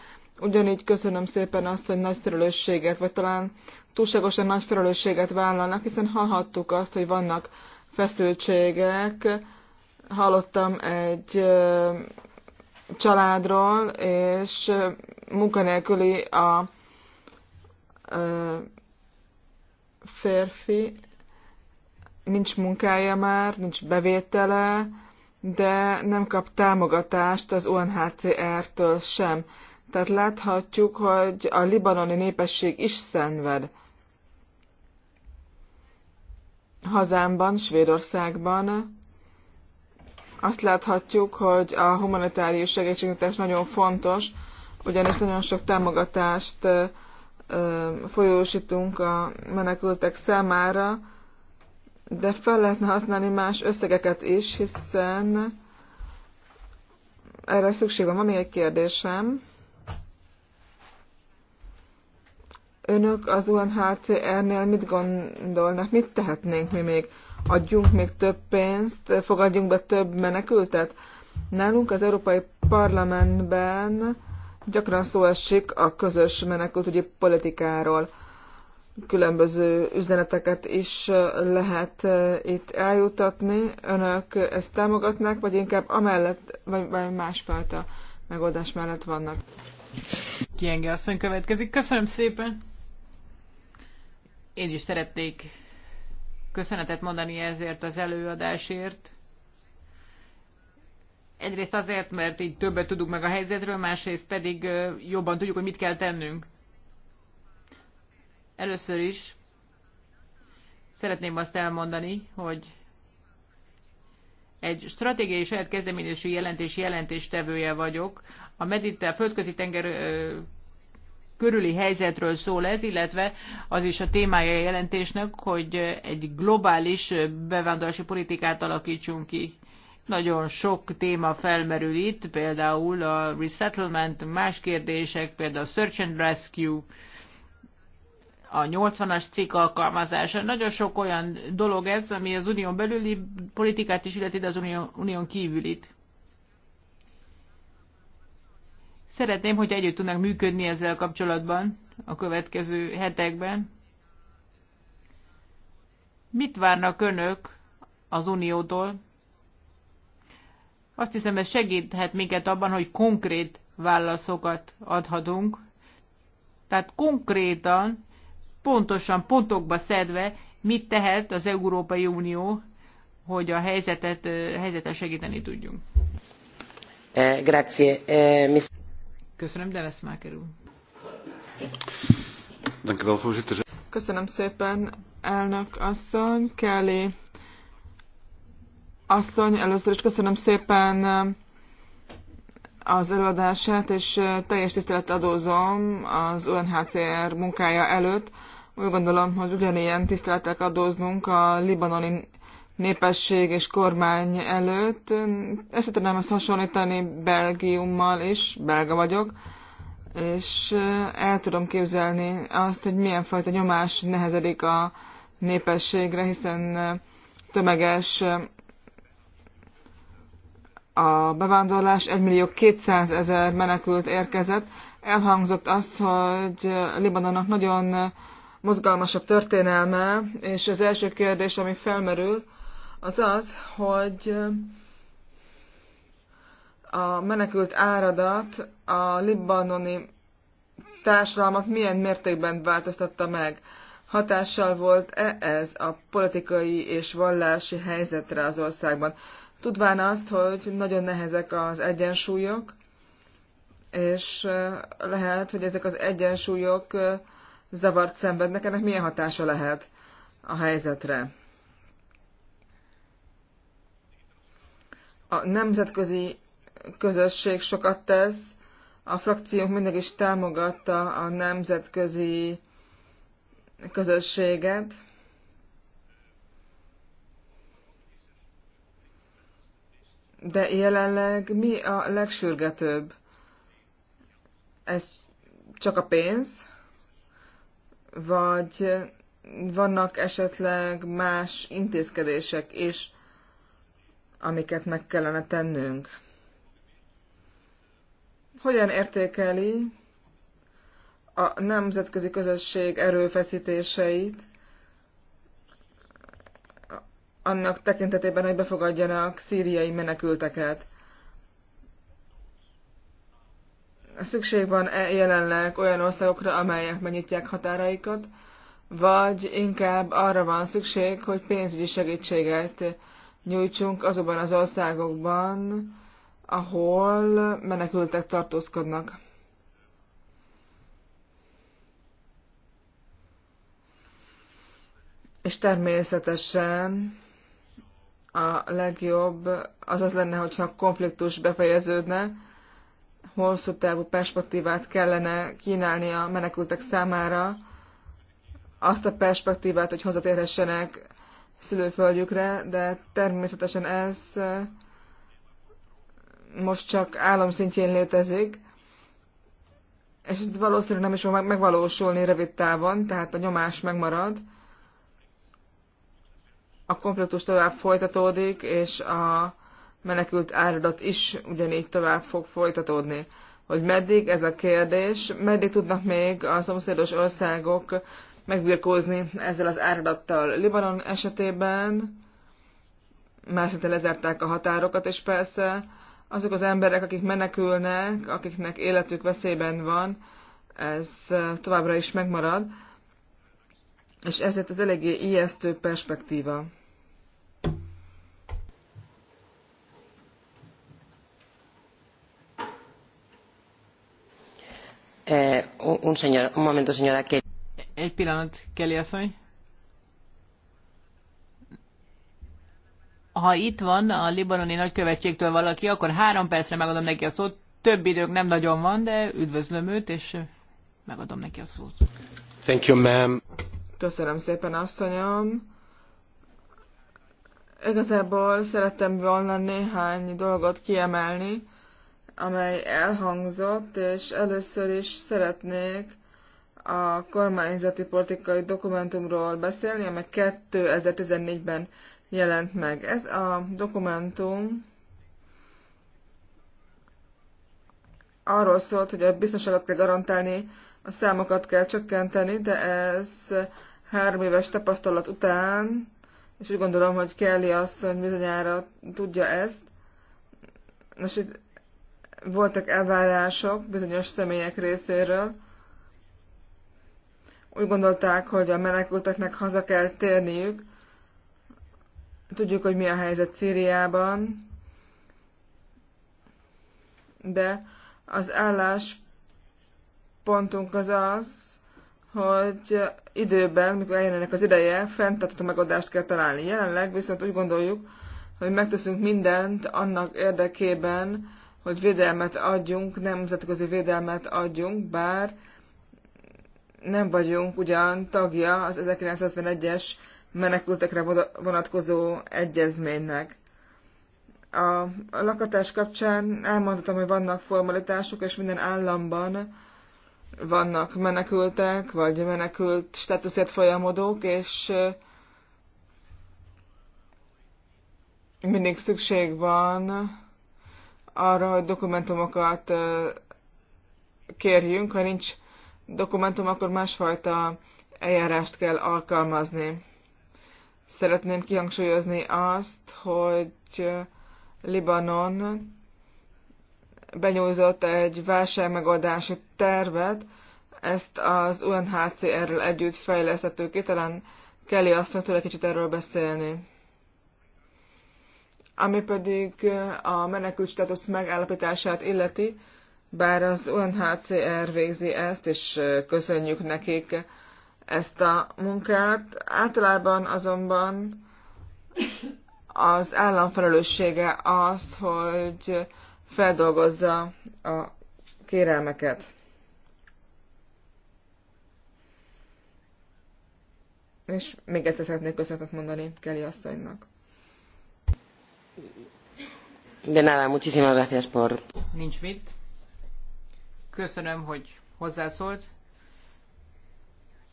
Ugyanígy köszönöm szépen azt, hogy nagy felelősséget, vagy talán túlságosan nagy felelősséget vállalnak, hiszen hallhattuk azt, hogy vannak feszültségek. Hallottam egy családról, és munkanélküli a férfi, nincs munkája már, nincs bevétele, de nem kap támogatást az UNHCR-től sem. Tehát láthatjuk, hogy a libanoni népesség is szenved. Hazámban, Svédországban azt láthatjuk, hogy a humanitárius segítségnyújtás nagyon fontos, ugyanis nagyon sok támogatást folyósítunk a menekültek számára, de fel lehetne használni más összegeket is, hiszen erre szükség van. Van még egy kérdésem. Önök az UNHCR-nél mit gondolnak, mit tehetnénk mi még? Adjunk még több pénzt, fogadjunk be több menekültet? Nálunk az Európai Parlamentben gyakran szó esik a közös menekültügyi politikáról különböző üzeneteket is lehet itt eljutatni. Önök ezt támogatnák, vagy inkább amellett, vagy, vagy másfajta megoldás mellett vannak? Kienge asszony következik. Köszönöm szépen! Én is szeretnék köszönetet mondani ezért az előadásért. Egyrészt azért, mert így többet tudunk meg a helyzetről, másrészt pedig jobban tudjuk, hogy mit kell tennünk. Először is szeretném azt elmondani, hogy egy stratégiai saját kezdeményezési jelentés jelentéstevője vagyok. A mediter földközi tenger körüli helyzetről szól ez, illetve az is a témája a jelentésnek, hogy egy globális bevándorlási politikát alakítsunk ki. Nagyon sok téma felmerül itt, például a resettlement, más kérdések, például a search and rescue, a 80-as cikk alkalmazása. Nagyon sok olyan dolog ez, ami az unión belüli politikát is illeti, de az unión, unión kívülit. Szeretném, hogy együtt tudnak működni ezzel kapcsolatban a következő hetekben. Mit várnak önök az Uniótól? Azt hiszem, ez segíthet minket abban, hogy konkrét válaszokat adhatunk. Tehát konkrétan pontosan pontokba szedve, mit tehet az Európai Unió, hogy a helyzetet, helyzetet segíteni tudjunk. Eh, eh, köszönöm, de lesz már kerül. Köszönöm szépen, elnök asszony, Kelly asszony, először is köszönöm szépen az előadását, és teljes tisztelet adózom az UNHCR munkája előtt. Úgy gondolom, hogy ugyanilyen tiszteletek adóznunk a libanoni népesség és kormány előtt. Ezt tudnám ezt hasonlítani Belgiummal is, belga vagyok, és el tudom képzelni azt, hogy milyen fajta nyomás nehezedik a népességre, hiszen tömeges a bevándorlás 1 millió 200 ezer menekült érkezett. Elhangzott az, hogy Libanonnak nagyon mozgalmas a történelme, és az első kérdés, ami felmerül, az az, hogy a menekült áradat a libanoni társadalmat milyen mértékben változtatta meg. Hatással volt-e ez a politikai és vallási helyzetre az országban? tudván azt, hogy nagyon nehezek az egyensúlyok, és lehet, hogy ezek az egyensúlyok zavart szenvednek, ennek milyen hatása lehet a helyzetre. A nemzetközi közösség sokat tesz, a frakciónk mindig is támogatta a nemzetközi közösséget, De jelenleg mi a legsürgetőbb? Ez csak a pénz? Vagy vannak esetleg más intézkedések is, amiket meg kellene tennünk? Hogyan értékeli a nemzetközi közösség erőfeszítéseit annak tekintetében, hogy befogadjanak szíriai menekülteket. Szükség van -e jelenleg olyan országokra, amelyek megnyitják határaikat, vagy inkább arra van szükség, hogy pénzügyi segítséget nyújtsunk azokban az országokban, ahol menekültek tartózkodnak. És természetesen a legjobb az az lenne, hogyha a konfliktus befejeződne, hosszú távú perspektívát kellene kínálni a menekültek számára, azt a perspektívát, hogy hazatérhessenek szülőföldjükre, de természetesen ez most csak államszintjén létezik, és ez valószínűleg nem is fog megvalósulni rövid távon, tehát a nyomás megmarad, a konfliktus tovább folytatódik, és a menekült áradat is ugyanígy tovább fog folytatódni. Hogy meddig ez a kérdés, meddig tudnak még a szomszédos országok megbirkózni ezzel az áradattal. Libanon esetében már szinte lezárták a határokat, és persze azok az emberek, akik menekülnek, akiknek életük veszélyben van, ez továbbra is megmarad, és ezért az eléggé ijesztő perspektíva. Eh, un, señor, un momento, señora Kelly. Egy pillanat, Kelly asszony. Ha itt van a libanoni nagykövetségtől valaki, akkor három percre megadom neki a szót. Több idők nem nagyon van, de üdvözlöm őt, és eh, megadom neki a szót. Thank you, ma'am. Köszönöm szépen, asszonyom. Igazából szerettem volna néhány dolgot kiemelni, amely elhangzott, és először is szeretnék a kormányzati politikai dokumentumról beszélni, amely 2014-ben jelent meg. Ez a dokumentum arról szólt, hogy a biztonságot kell garantálni, a számokat kell csökkenteni, de ez három éves tapasztalat után, és úgy gondolom, hogy Kelly asszony bizonyára tudja ezt, Nos, itt voltak elvárások bizonyos személyek részéről. Úgy gondolták, hogy a menekülteknek haza kell térniük. Tudjuk, hogy mi a helyzet Szíriában, de az álláspontunk az az, hogy időben, mikor eljönnek az ideje, fenntartható megoldást kell találni. Jelenleg viszont úgy gondoljuk, hogy megteszünk mindent annak érdekében, hogy védelmet adjunk, nemzetközi védelmet adjunk, bár nem vagyunk ugyan tagja az 1951-es menekültekre vonatkozó egyezménynek. A lakatás kapcsán elmondhatom, hogy vannak formalitások, és minden államban vannak menekültek, vagy menekült státuszért folyamodók, és mindig szükség van arra, hogy dokumentumokat kérjünk, ha nincs dokumentum, akkor másfajta eljárást kell alkalmazni. Szeretném kihangsúlyozni azt, hogy Libanon benyújtott egy válságmegoldási tervet, ezt az UNHCR-rel együtt fejlesztettük ki, talán Kelly azt mondta, hogy kicsit erről beszélni. Ami pedig a menekült státusz megállapítását illeti, bár az UNHCR végzi ezt, és köszönjük nekik ezt a munkát. Általában azonban az állam felelőssége az, hogy feldolgozza a kérelmeket. És még egyszer szeretnék köszönetet mondani Kelly asszonynak. De nada, muchísimas gracias por... Nincs mit. Köszönöm, hogy hozzászólt.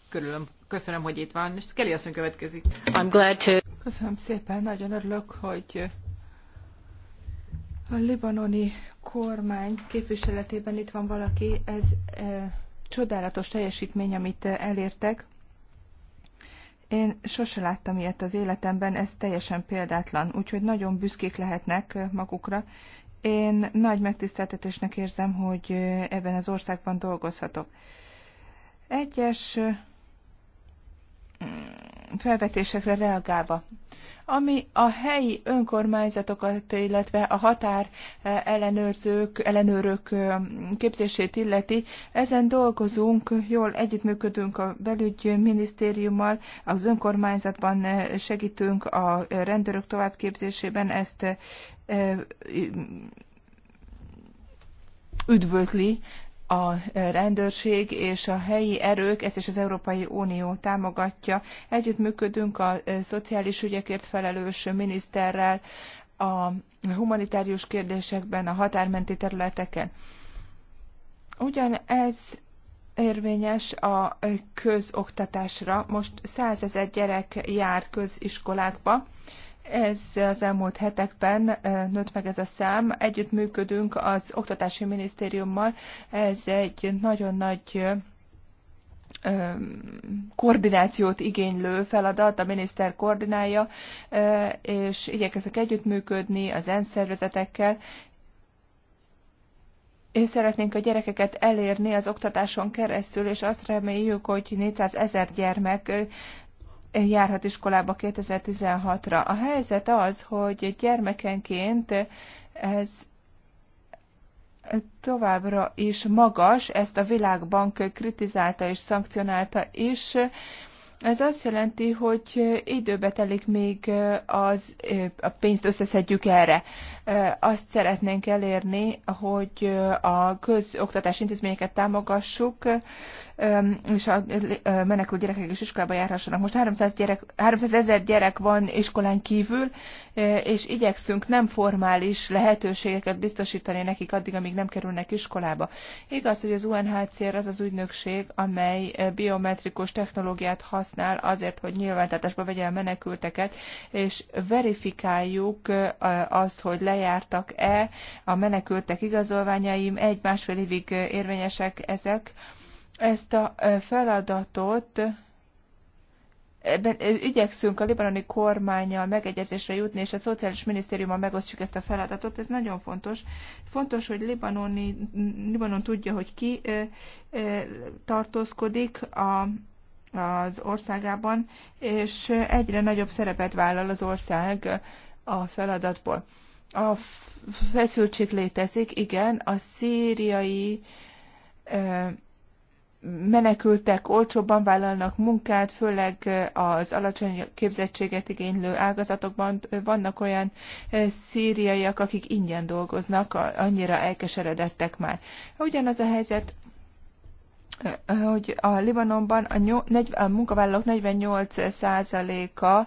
Körülöm, köszönöm, hogy itt van. És Kelly asszony következik. I'm glad to... Köszönöm szépen, nagyon örülök, hogy a libanoni kormány képviseletében itt van valaki, ez e, csodálatos teljesítmény, amit eh, elértek. Én sose láttam ilyet az életemben, ez teljesen példátlan, úgyhogy nagyon büszkék lehetnek eh, magukra. Én nagy megtiszteltetésnek érzem, hogy eh, ebben az országban dolgozhatok. Egyes eh, mm, felvetésekre reagálva ami a helyi önkormányzatokat, illetve a határ eh, ellenőrzők, ellenőrök eh, képzését illeti. Ezen dolgozunk, jól együttműködünk a belügyminisztériummal, az önkormányzatban eh, segítünk a rendőrök továbbképzésében, ezt üdvözli a rendőrség és a helyi erők, ezt is az Európai Unió támogatja. Együttműködünk a e, szociális ügyekért felelős miniszterrel, a humanitárius kérdésekben, a határmenti területeken. Ugyanez érvényes a közoktatásra. Most százezer gyerek jár köziskolákba, ez az elmúlt hetekben nőtt meg ez a szám. Együtt működünk az Oktatási Minisztériummal. Ez egy nagyon nagy koordinációt igénylő feladat, a miniszter koordinálja, és igyekezek együttműködni az ENSZ szervezetekkel, és szeretnénk a gyerekeket elérni az oktatáson keresztül, és azt reméljük, hogy 400 ezer gyermek járhat iskolába 2016-ra. A helyzet az, hogy gyermekenként ez továbbra is magas, ezt a Világbank kritizálta és szankcionálta is. Ez azt jelenti, hogy időbe telik, még az, a pénzt összeszedjük erre. Azt szeretnénk elérni, hogy a közoktatási intézményeket támogassuk, és a menekült gyerekek is iskolába járhassanak. Most 300, gyerek, 300 ezer gyerek van iskolán kívül, és igyekszünk nem formális lehetőségeket biztosítani nekik addig, amíg nem kerülnek iskolába. Igaz, hogy az UNHCR az az ügynökség, amely biometrikus technológiát használ azért, hogy nyilvántartásba vegye a menekülteket, és verifikáljuk azt, hogy lejártak-e a menekültek igazolványaim, egy-másfél évig érvényesek ezek, ezt a feladatot ebben igyekszünk a libanoni kormányjal megegyezésre jutni, és a Szociális Minisztériummal megosztjuk ezt a feladatot, ez nagyon fontos. Fontos, hogy Libanoni, Libanon tudja, hogy ki ö, tartózkodik a, az országában, és egyre nagyobb szerepet vállal az ország a feladatból. A feszültség létezik, igen, a szíriai menekültek olcsóbban vállalnak munkát, főleg az alacsony képzettséget igénylő ágazatokban vannak olyan szíriaiak, akik ingyen dolgoznak, annyira elkeseredettek már. Ugyanaz a helyzet hogy a Libanonban a, nyol, a munkavállalók 48%-a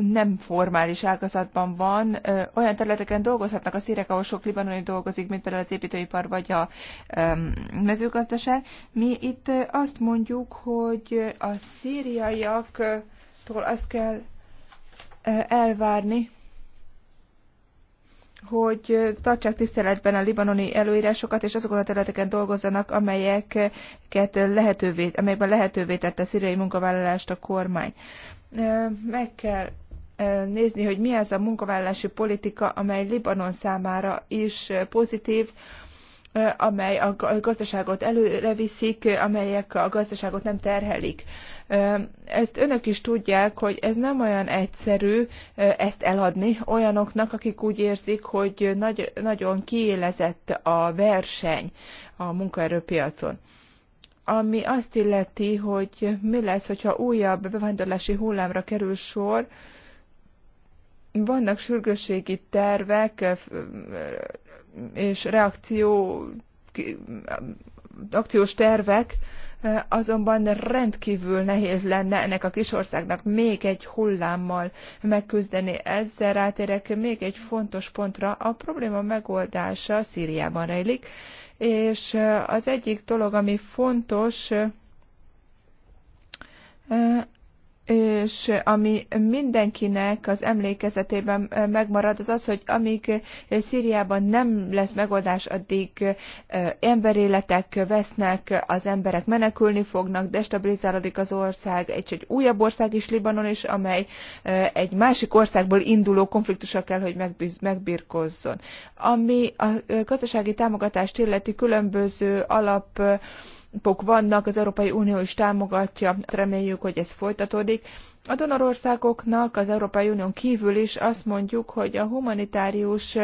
nem formális ágazatban van, olyan területeken dolgozhatnak a szírek, ahol sok libanoni dolgozik, mint például az építőipar vagy a mezőgazdaság. Mi itt azt mondjuk, hogy a szíriaiaktól azt kell elvárni, hogy tartsák tiszteletben a libanoni előírásokat, és azokon a területeken dolgozzanak, amelyeket lehetővé, amelyekben lehetővé tette a szíriai munkavállalást a kormány meg kell nézni, hogy mi az a munkavállalási politika, amely Libanon számára is pozitív, amely a gazdaságot előre viszik, amelyek a gazdaságot nem terhelik. Ezt önök is tudják, hogy ez nem olyan egyszerű ezt eladni olyanoknak, akik úgy érzik, hogy nagy, nagyon kiélezett a verseny a munkaerőpiacon ami azt illeti, hogy mi lesz, hogyha újabb bevándorlási hullámra kerül sor, vannak sürgősségi tervek eh, eh, és reakció, eh, akciós tervek, azonban rendkívül nehéz lenne ennek a kis országnak még egy hullámmal megküzdeni. Ezzel rátérek még egy fontos pontra, a probléma megoldása Szíriában rejlik, és az egyik dolog, ami fontos, és ami mindenkinek az emlékezetében megmarad, az az, hogy amíg Szíriában nem lesz megoldás, addig emberéletek vesznek, az emberek menekülni fognak, destabilizálódik az ország, egy, egy újabb ország is Libanon is, amely egy másik országból induló konfliktusra kell, hogy megbíz, megbirkozzon. Ami a gazdasági támogatást illeti különböző alap pok vannak, az Európai Unió is támogatja, reméljük, hogy ez folytatódik. A donorországoknak az Európai Unión kívül is azt mondjuk, hogy a humanitárius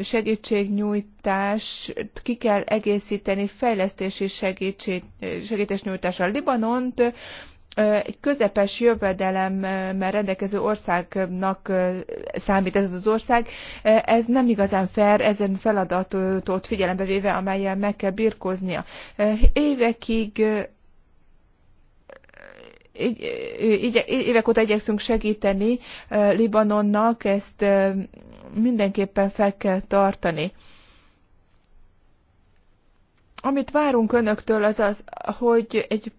segítségnyújtást ki kell egészíteni fejlesztési segítségnyújtással. Libanont egy közepes jövedelemmel rendelkező országnak számít ez az ország. Ez nem igazán fair, ezen feladatot figyelembe véve, amelyel meg kell birkóznia. Évekig évek óta igyekszünk segíteni Libanonnak, ezt mindenképpen fel kell tartani. Amit várunk önöktől az az, hogy egy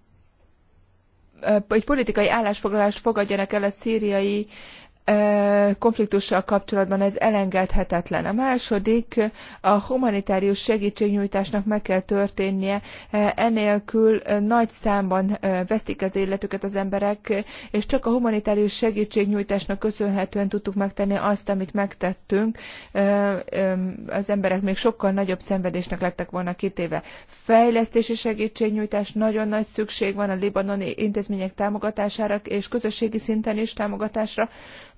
egy politikai állásfoglalást fogadjanak el a szíriai konfliktussal kapcsolatban ez elengedhetetlen. A második, a humanitárius segítségnyújtásnak meg kell történnie, enélkül nagy számban vesztik az életüket az emberek, és csak a humanitárius segítségnyújtásnak köszönhetően tudtuk megtenni azt, amit megtettünk. Az emberek még sokkal nagyobb szenvedésnek lettek volna kitéve. Fejlesztési segítségnyújtás nagyon nagy szükség van a libanoni intézmények támogatására és közösségi szinten is támogatásra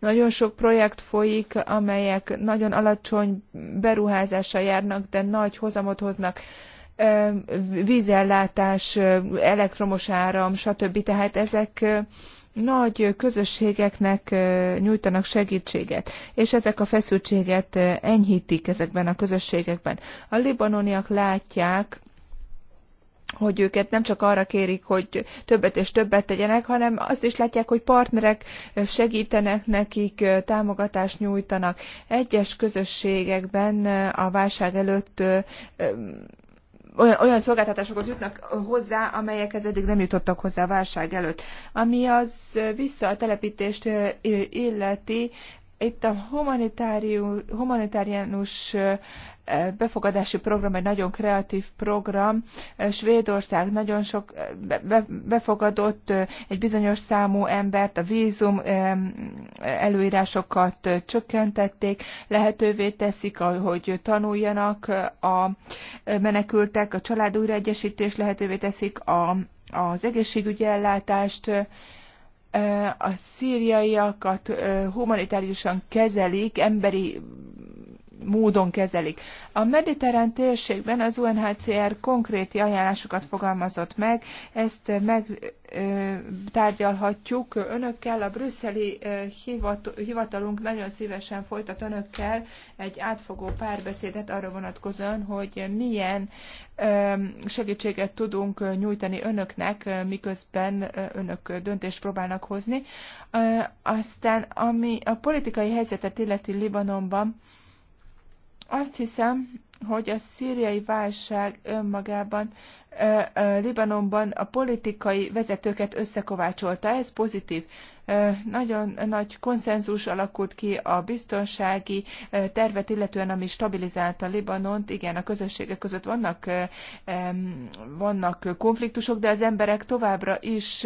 nagyon sok projekt folyik, amelyek nagyon alacsony beruházással járnak, de nagy hozamot hoznak vízellátás, elektromos áram, stb. Tehát ezek nagy közösségeknek nyújtanak segítséget, és ezek a feszültséget enyhítik ezekben a közösségekben. A libanoniak látják, hogy őket nem csak arra kérik, hogy többet és többet tegyenek, hanem azt is látják, hogy partnerek segítenek nekik, támogatást nyújtanak. Egyes közösségekben a válság előtt olyan, olyan szolgáltatásokhoz jutnak hozzá, amelyekhez eddig nem jutottak hozzá a válság előtt. Ami az vissza a telepítést illeti, itt a humanitárius befogadási program egy nagyon kreatív program. Svédország nagyon sok befogadott egy bizonyos számú embert, a vízum előírásokat csökkentették, lehetővé teszik, hogy tanuljanak a menekültek, a család újraegyesítés lehetővé teszik a, az egészségügyi ellátást, a szíriaiakat humanitáriusan kezelik, emberi módon kezelik. A mediterrán térségben az UNHCR konkrét ajánlásokat fogalmazott meg, ezt meg tárgyalhatjuk önökkel. A brüsszeli hivatalunk nagyon szívesen folytat önökkel egy átfogó párbeszédet arra vonatkozóan, hogy milyen segítséget tudunk nyújtani önöknek, miközben önök döntést próbálnak hozni. Aztán, ami a politikai helyzetet illeti Libanonban, azt hiszem, hogy a szíriai válság önmagában Libanonban a politikai vezetőket összekovácsolta. Ez pozitív. Nagyon nagy konszenzus alakult ki a biztonsági tervet, illetően ami stabilizálta Libanont. Igen, a közösségek között vannak, vannak konfliktusok, de az emberek továbbra is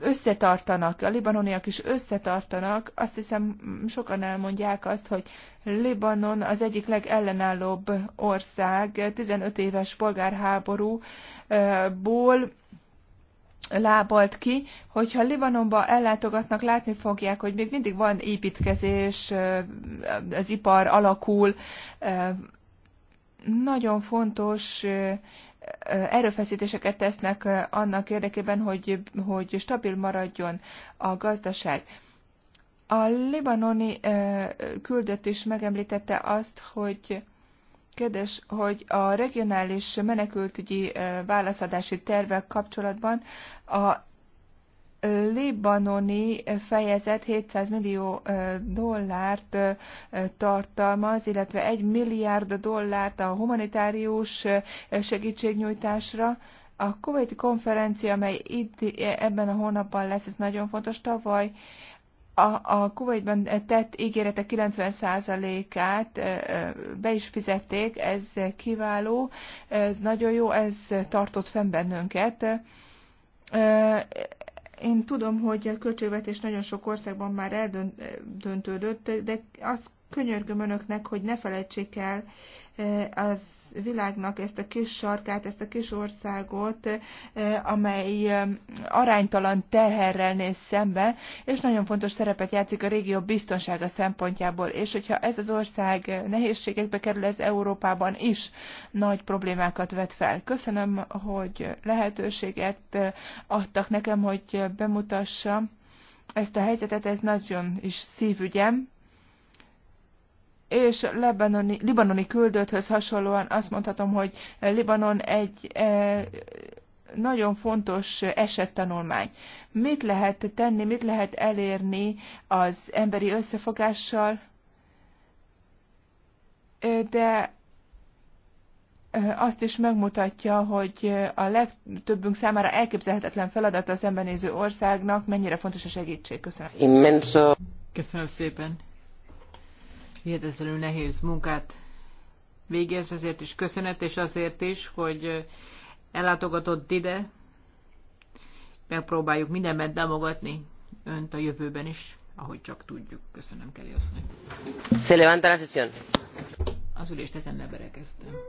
összetartanak. A libanoniak is összetartanak. Azt hiszem, sokan elmondják azt, hogy Libanon az egyik legellenállóbb ország, 15 éves polgárháború ból lábalt ki, hogyha Libanonba ellátogatnak, látni fogják, hogy még mindig van építkezés, az ipar alakul. Nagyon fontos erőfeszítéseket tesznek annak érdekében, hogy, hogy stabil maradjon a gazdaság. A libanoni küldött is megemlítette azt, hogy Kérdés, hogy a regionális menekültügyi válaszadási tervek kapcsolatban a libanoni fejezet 700 millió dollárt tartalmaz, illetve 1 milliárd dollárt a humanitárius segítségnyújtásra. A kuwaiti konferencia, amely itt e, ebben a hónapban lesz, ez nagyon fontos. Tavaly a, a Kuwaitban tett ígérete 90%-át be is fizették, ez kiváló, ez nagyon jó, ez tartott fenn bennünket. Én tudom, hogy a költségvetés nagyon sok országban már eldöntődött, de azt Könyörgöm önöknek, hogy ne felejtsék el e, az világnak ezt a kis sarkát, ezt a kis országot, e, amely e, aránytalan terherrel néz szembe, és nagyon fontos szerepet játszik a régió biztonsága szempontjából. És hogyha ez az ország nehézségekbe kerül, ez Európában is nagy problémákat vet fel. Köszönöm, hogy lehetőséget adtak nekem, hogy bemutassam ezt a helyzetet, ez nagyon is szívügyem, és lebanoni, libanoni küldötthöz hasonlóan azt mondhatom, hogy Libanon egy e, nagyon fontos esettanulmány. Mit lehet tenni, mit lehet elérni az emberi összefogással, de e, azt is megmutatja, hogy a legtöbbünk számára elképzelhetetlen feladat az szembenéző országnak, mennyire fontos a segítség. Köszönöm. Köszönöm szépen hihetetlenül nehéz munkát végez, ezért is köszönet, és azért is, hogy ellátogatott ide, megpróbáljuk mindenben támogatni önt a jövőben is, ahogy csak tudjuk. Köszönöm, Kelly asszony. Se levanta la sesión. Az ülést ezen berekeztem.